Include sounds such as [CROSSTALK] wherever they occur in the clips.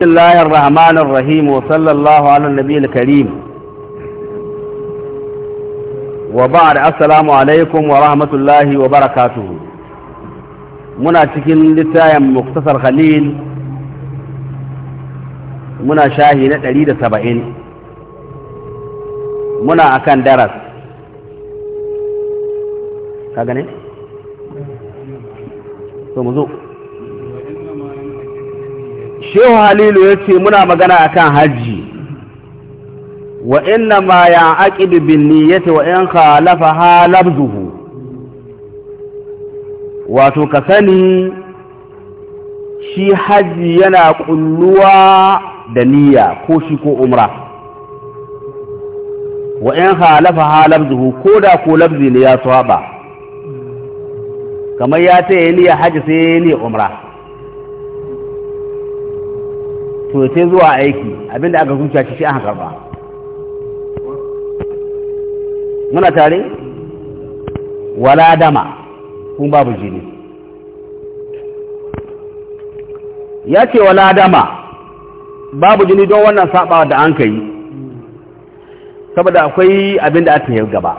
بسم الله الرحمن الرحيم وصلى الله على النبي الكريم وبعد السلام عليكم ورحمة الله وبركاته muna cikin littayen muktasar khalil muna shahi na 170 muna akan daras ka gane? to mu zo shehu halilu ya ce muna magana a kan hajji wa inna ma ya aqidu bin niyyati wa in khalafa halabzuhu wato ka sani shi hajji yana ƙulluwa da niyya ko shi ko umra wa in khalafa halabzuhu ko da ko labzi ne ya saba kamar ya ce niyya hajji sai niyya umra to sai zuwa aiki abinda aka zuciya shi an karba muna tare wala dama kun babu jini ya ce wala dama babu jini don wannan saba da an kai saboda akwai abinda aka yi gaba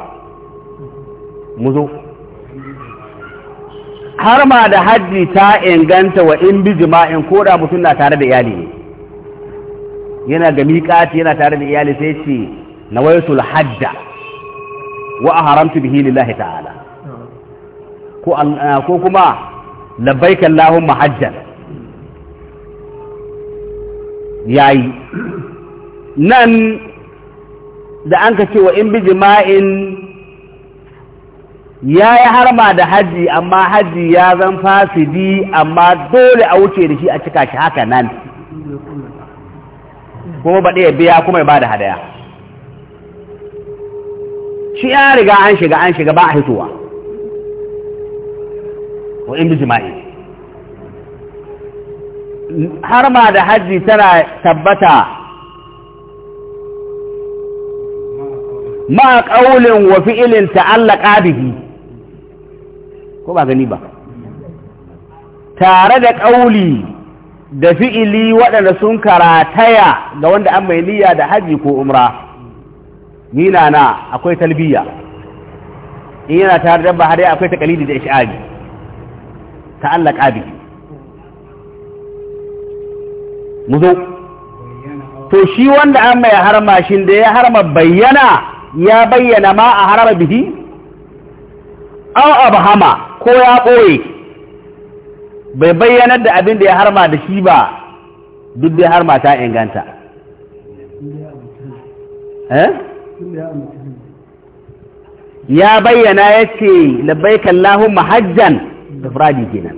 mu zo har ma da haddi ta inganta wa in bi jima'in koda da mutum na tare da iyali ne yana ga miƙati yana tare da iyali sai ce na waitul hajja wa a haramtu bihi lillahi ta'ala eh, ko kuma labbaik allahumma hajjan yayi nan da an ka ce wa in bi jima'in ya yi harma da haji amma haji ya zan fasidi amma dole a wuce da shi a cika shi haka nan kuma ba ɗaya biya kuma ba da hadaya shi ya riga an shiga an shiga ba a hitowa wa inda jima'i har ma da hajji tana tabbata ma ƙaulin wa fi'ilin ta'allaka bihi ko ba gani ba tare da ƙauli da fi'ili waɗanda sun karataya ga wanda an mai niyya da haji ko umra nina na akwai talbiya in yana tare da bahari akwai takalidi da ish'ari ta'allaka bi mu zo to shi wanda an mai harma shin da ya harma bayyana ya bayyana ma a harama bihi aw Abahama ko ya ɓoye bai bayyanar da abin da ya harma da shi ba duk da ya harma ta inganta eh? ya bayyana ya ce labbaika Allahumma hajjan da firaji kenan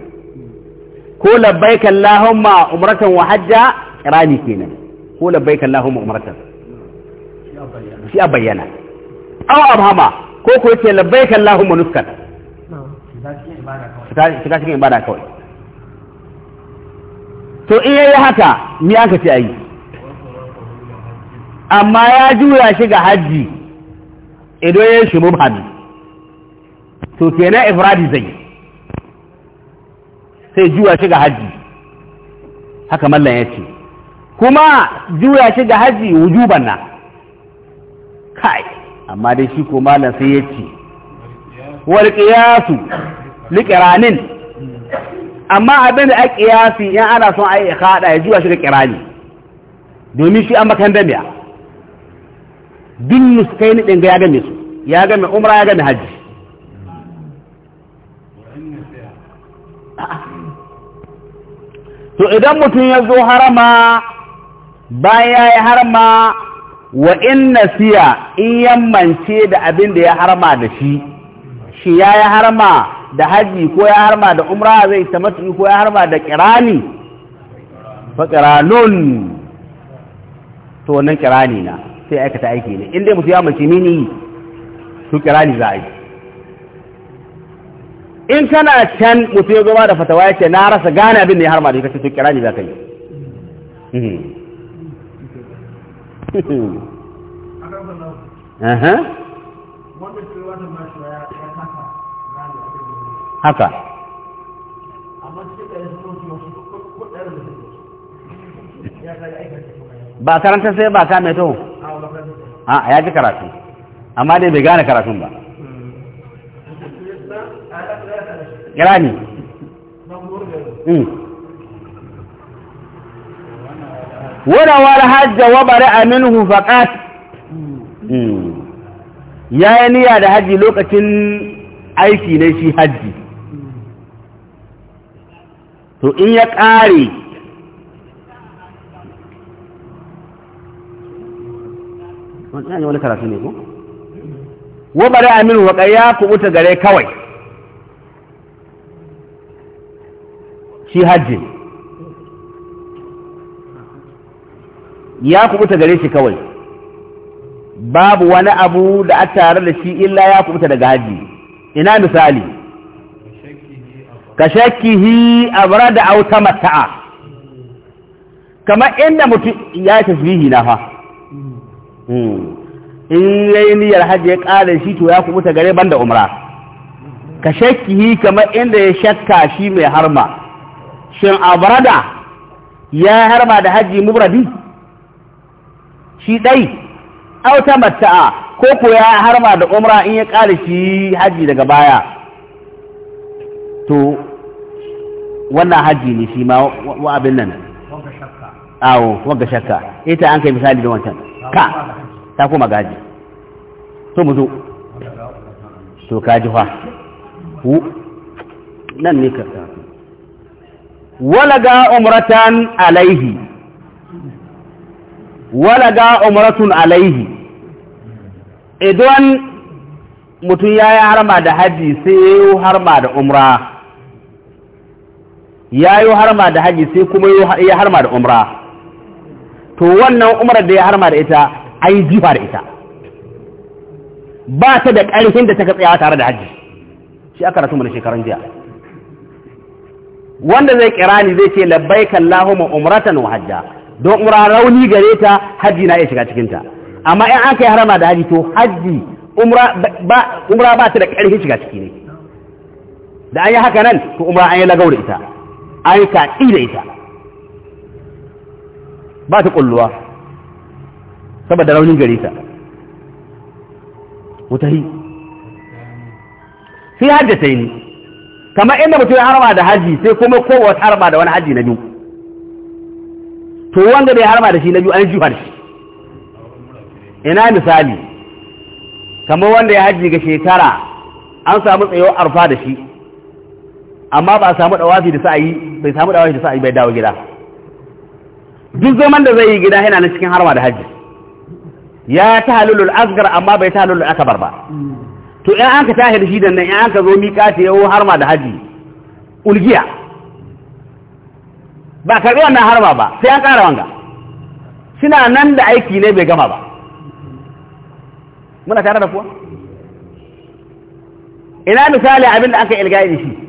ko labbaika Allahumma umratan wa hajja rani kenan ko labbaika Allahumma umratan shi a bayyana awa abhama ko ko ce labbaika Allahumma nuskan shiga cikin ibada kawai to in yayi haka ni aka ce ayi amma ya juya shi ga hajji Ido ya shi mubhami to kenan ifradi zai sai juya shi ga hajji haka mallan ya ce kuma juya shi ga hajji wujuban na kai amma dai shi ko mallan sai ya ce wal qiyasu liqranin amma abin da ake yafi in ana son a yi haɗa ya zuwa shi da kirani domin shi an makan miya duk nuskai ni ɗin ya game su ya game umra ya game hajji to idan mutum ya zo harama bayan ya yi harama wa in nasiya in yammance da abin da ya harama da shi shi ya yi harama da haji ko ya harma da umra zai matu ko ya harma da kirani fa kiranun to wannan kirani na sai aikata aiki ne in dai mutum ya mace mini su kirani za a yi in kana can mutu ya gaba da fatawa ya ce na rasa gane abin da ya harma da ya kace su kirani za ka yi Uh-huh. [LAUGHS] haka ba karanta sai ba ka mai taho a ya ji karatu amma dai bai gane karatun ba kirani wurawar hmm. hajja wa bari aminu faƙat hmm. ya yi niyya da hajji lokacin aiki ne shi hajji to in ya ƙare wani wani karatu ne ko wabare aminu wa ya kubuta gare kawai shi hajji ya kubuta gare shi kawai babu wani abu da a tare da shi illa ya kubuta daga hajji ina misali ka a bara da auta mata'a kamar inda mutum ya tasbihi na fa hmm. in yayi niyyar hajji ya ƙara shi to ya kubuta gare banda umra ka hi kamar inda ya shakka shi mai harma shin a abrada ya harma da hajji mubradi shi ɗai auta mata'a ko ko ya harma da umra in ya ƙara shi hajji daga baya to wannan haji ne shi ma wa abin nan awo wagga shakka ita eh, an kai misali da wancan ka ta koma gaji to mu zo to ka ji fa nan ne ka walaga umratan alaihi walaga umratun alaihi idan mutum ya yi harma da haji sai ya yi harma da umra ya yi harma da haji sai kuma ya harma da umra to wannan umrar da ya harma da ita an yi jifa da ita ba ta da ƙarfin da ta ka tsayawa tare da haji shi aka rasu mana shekarun jiya wanda zai kira ni zai ce labbai kallahuma umratan wa hajja don umra rauni gare ta haji na iya shiga cikinta amma in an kai harama da haji to haji umra ba ta da ƙarfin shiga ciki ne da an yi haka nan to umra an yi lagau da ita an kaɗi da ita ba ta ƙulluwa saboda raunin gare ta wutahi sai hajji sai ni kamar inda mutum ya harba da haji sai kuma kowa ta harba da wani haji na biyu to wanda da ya da shi na biyu an juhar shi ina misali kamar wanda ya haji ga shekara an samu tsayo arfa da shi amma ba a samu dawafi da sa'ayi bai samu dawafi da sa'ayi bai dawo gida duk zaman da zai yi gida yana nan cikin harma da hajji. ya ta halulul asgar amma bai ta halulul akabar ba to in an ka tahir shi da nan in an ka zo miƙa ta yau harma da hajji, ulgiya ba karɓi wannan harma ba sai an ƙara wanga suna nan da aiki ne bai gama ba muna tare da kuwa ina misali abin da aka ilgaye da shi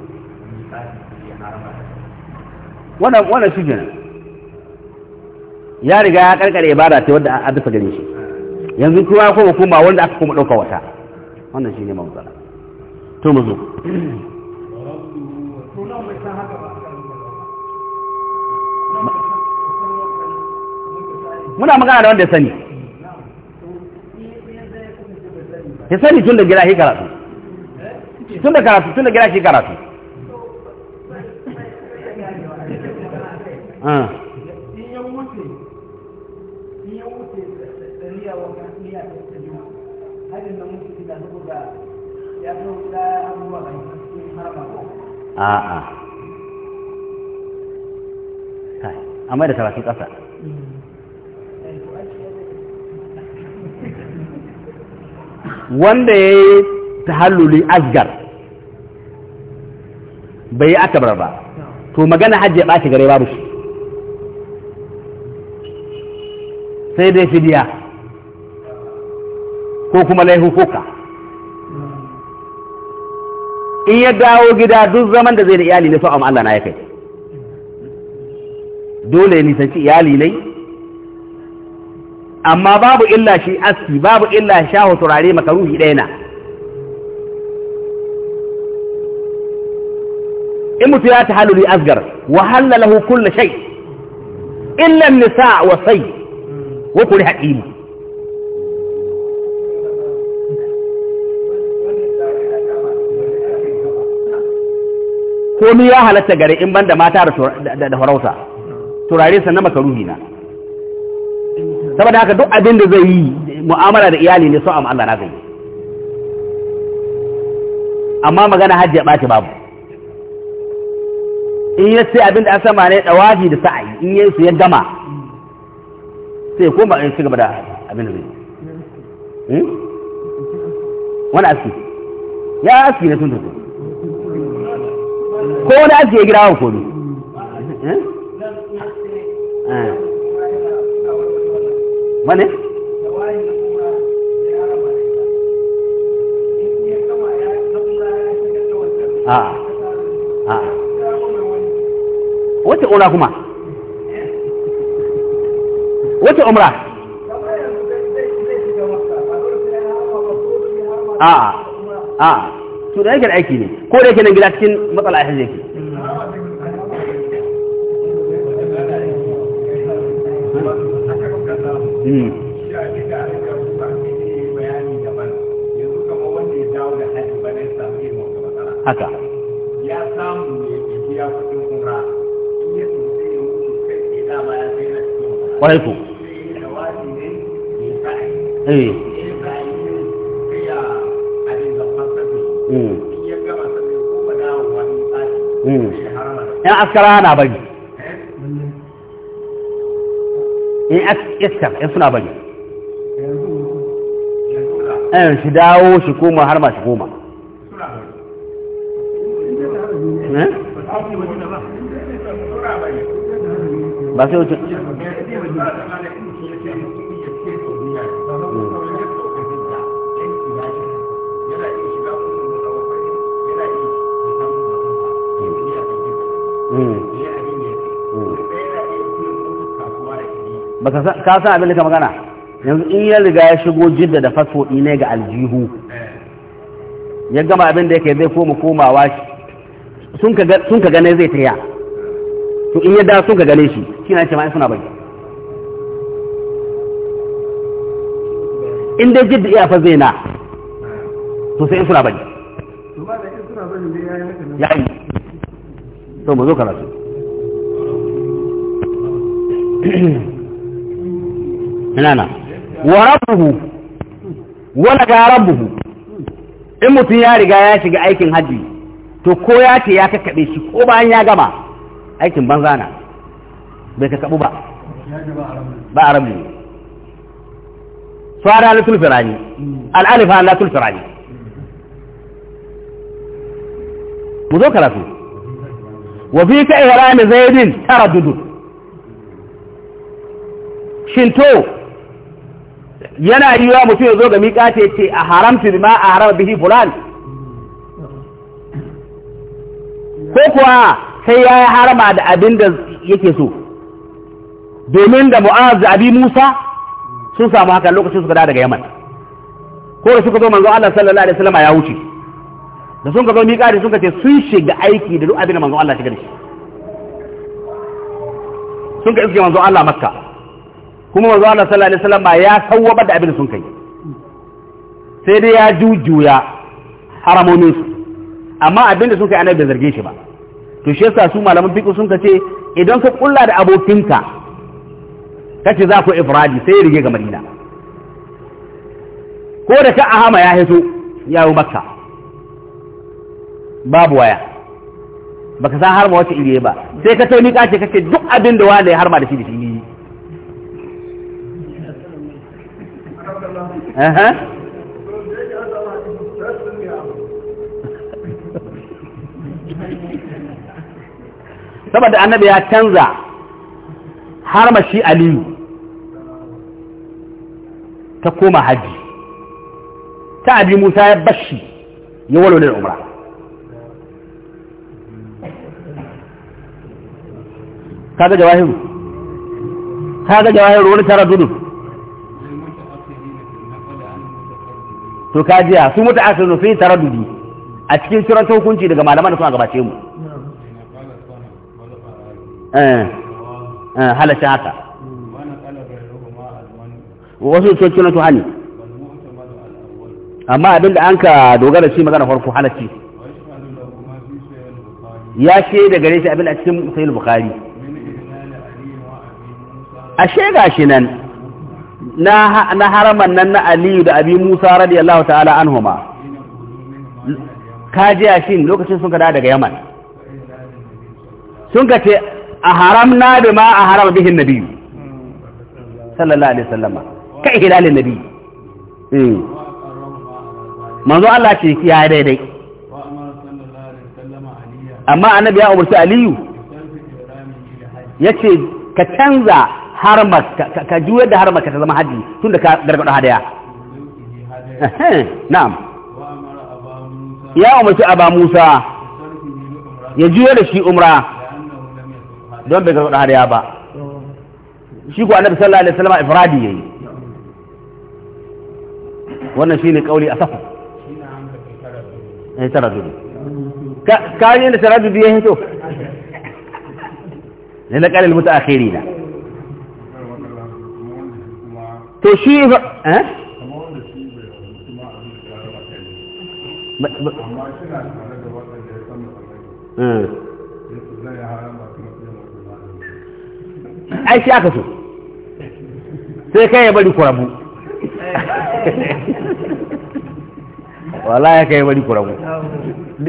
wannan wannan shi kenan ya riga ya karkare ibada ta wanda an dafa gare shi yanzu kuma ko hukuma wanda aka kuma dauka wata wannan ne mawzala to mu zo muna magana da wanda ya sani ya sani tun da gira shi karatu tun da karatu tun da shi karatu Ah. a'a kai amma da karatu ƙasa wanda ya yi ta tahalluli asgar bai yi akabar ba to magana hajji ya ɓaci gare babu shi sai dai fidiya ko kuma laihukuka in ya dawo gida duk zaman da zai da iyali ne so amma Allah na ya kai dole ya nisanci iyali ne amma babu illa shi aski babu illa shaho turare makaruhi ɗaya na in mutu ya ta haluri asgar wa halla lahu kullu shay illa nisa wa sai. wa kuri haƙimu komi ya halatta gare in ban da mata da farauta turare sannan makaruhi na saboda haka duk abin da zai yi mu'amala da iyali ne so am Allah na zai amma magana hajji ya ɓaci babu in ya sai abin da an sama ne ɗawaji da sa'ayi in yi su ya gama sai ko ba ya ci gaba da abin da zai hmm? wani aski ya aski na tuntun ko wani aski ya gida wa komi hmm? eh. wani, a ah. a ah. wata ƙona kuma wace umra a a to da yake da aiki ne ko da yake nan gida cikin matsala a hajji yake hmm. haka ya samu ne biya kudin umra in ya sosai ya wuce kai dama ya sai na cikin eh hmm. Hmm. yan askara na bari in iskar in suna bari yan eh, shi dawo shi koma har ma shi koma eh? ba sai wuce baka ka san abin da ka magana yanzu in ya riga ya shigo jidda da fasfodi ne ga aljihu ya gama abin da yake zai koma komawa sun ka gane zai taya to in ya da sun ka gane shi shi na ce ma'ai suna bai in dai jidda iya fa zai na to sai in suna bai ya yi to mu zo karatu ina na wa rabbuhu wala ga rabbuhu in mutum ya riga ya shiga aikin haji to ko ya ce ya kakkaɓe shi ko bayan ya gama aikin banza na bai kakkaɓu ba ba a rabu swara na tulfirani al'alifa na tulfirani mu zo karatu wa fi ka ihrami zaidin taraddud shin to yana yiwa mutum ya zo ga miƙa ce ce a haramta ma a haram bihi fulan ko kuwa sai ya yi da abin da yake so domin da mu'az da abi musa sun samu haka lokacin suka daga yaman ko suka zo manzo Allah sallallahu alaihi ya wuce da sun ka zo miƙa sun ka ce sun shiga aiki da duk abin da manzon Allah shiga dashi sun ka iske manzon Allah makka kuma manzon Allah sallallahu alaihi wasallam ya sawwabar da abin sun kai sai dai ya jujuya haramomin su amma abin da sun kai annabi bai zarge shi ba to shi yasa su malaman fiqh sun ka ce idan ka kulla da abokinka kace za ku ifradi sai ya rige ga Madina ko da ka ahama ya hito yawo makka babu waya baka san harma wata iri ba sai ka tauni kace kace duk abin da wani ya harma da shi da shi saboda annabi ya canza harma shi aliyu ta koma haji ta abi musa ya bashi ya walwalar umra kaga jawahiru kaga jawahiru wani tara dudu to kajiya su mutu asirin sun yi tara dudu a cikin shirar hukunci daga malaman da suna gabace mu eh, eh, halashin haka wasu cikin su hani amma abinda an ka dogara shi magana farko halashi ya ce da gare shi abinda a cikin sayil bukari ashe gashi nan na haraman nan na aliyu da abi musa radiyallahu ta'ala anhuma ji yashin lokacin sun kada daga yaman sun kace a haram na da ma a haram bihin nabi sallallahu alaihi wasallam kai hilalin nabi hmm. manzo Allah ce ya daidai amma annabi ya umarci aliyu yace ka canza harmar ka juyar da harmar ka ta zama haji da ka gargado hadaya na'am ya umarci aba musa ya juyar da shi umra don bai gargado hadaya ba shi ko annabi sallallahu alaihi wasallam ifradi yayi wannan shi shine kauli asafu eh taradudi ka ka yin da taradudi ya hito ne [LAUGHS] la a mutaakhirina to shi ba eh hmm. ai shi aka so sai kai ya bari kurabu wala ya kai ya bari kurabu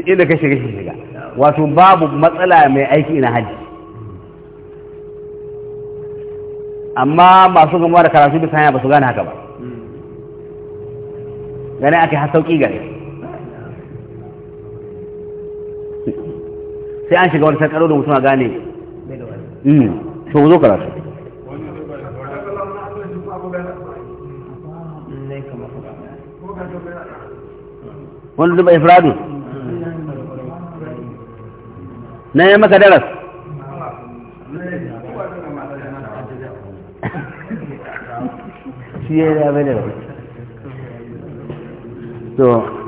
inda ka shiga shiga wato babu matsala mai aiki na hajji amma masu gama da karatu bisa hanya ba su gane haka ba gane ake har sauƙi gare sai an shiga wani sarƙaro da mutum a gane hmm, to zo karatu wani duba ifradu na yi maka daras shi ya yi da to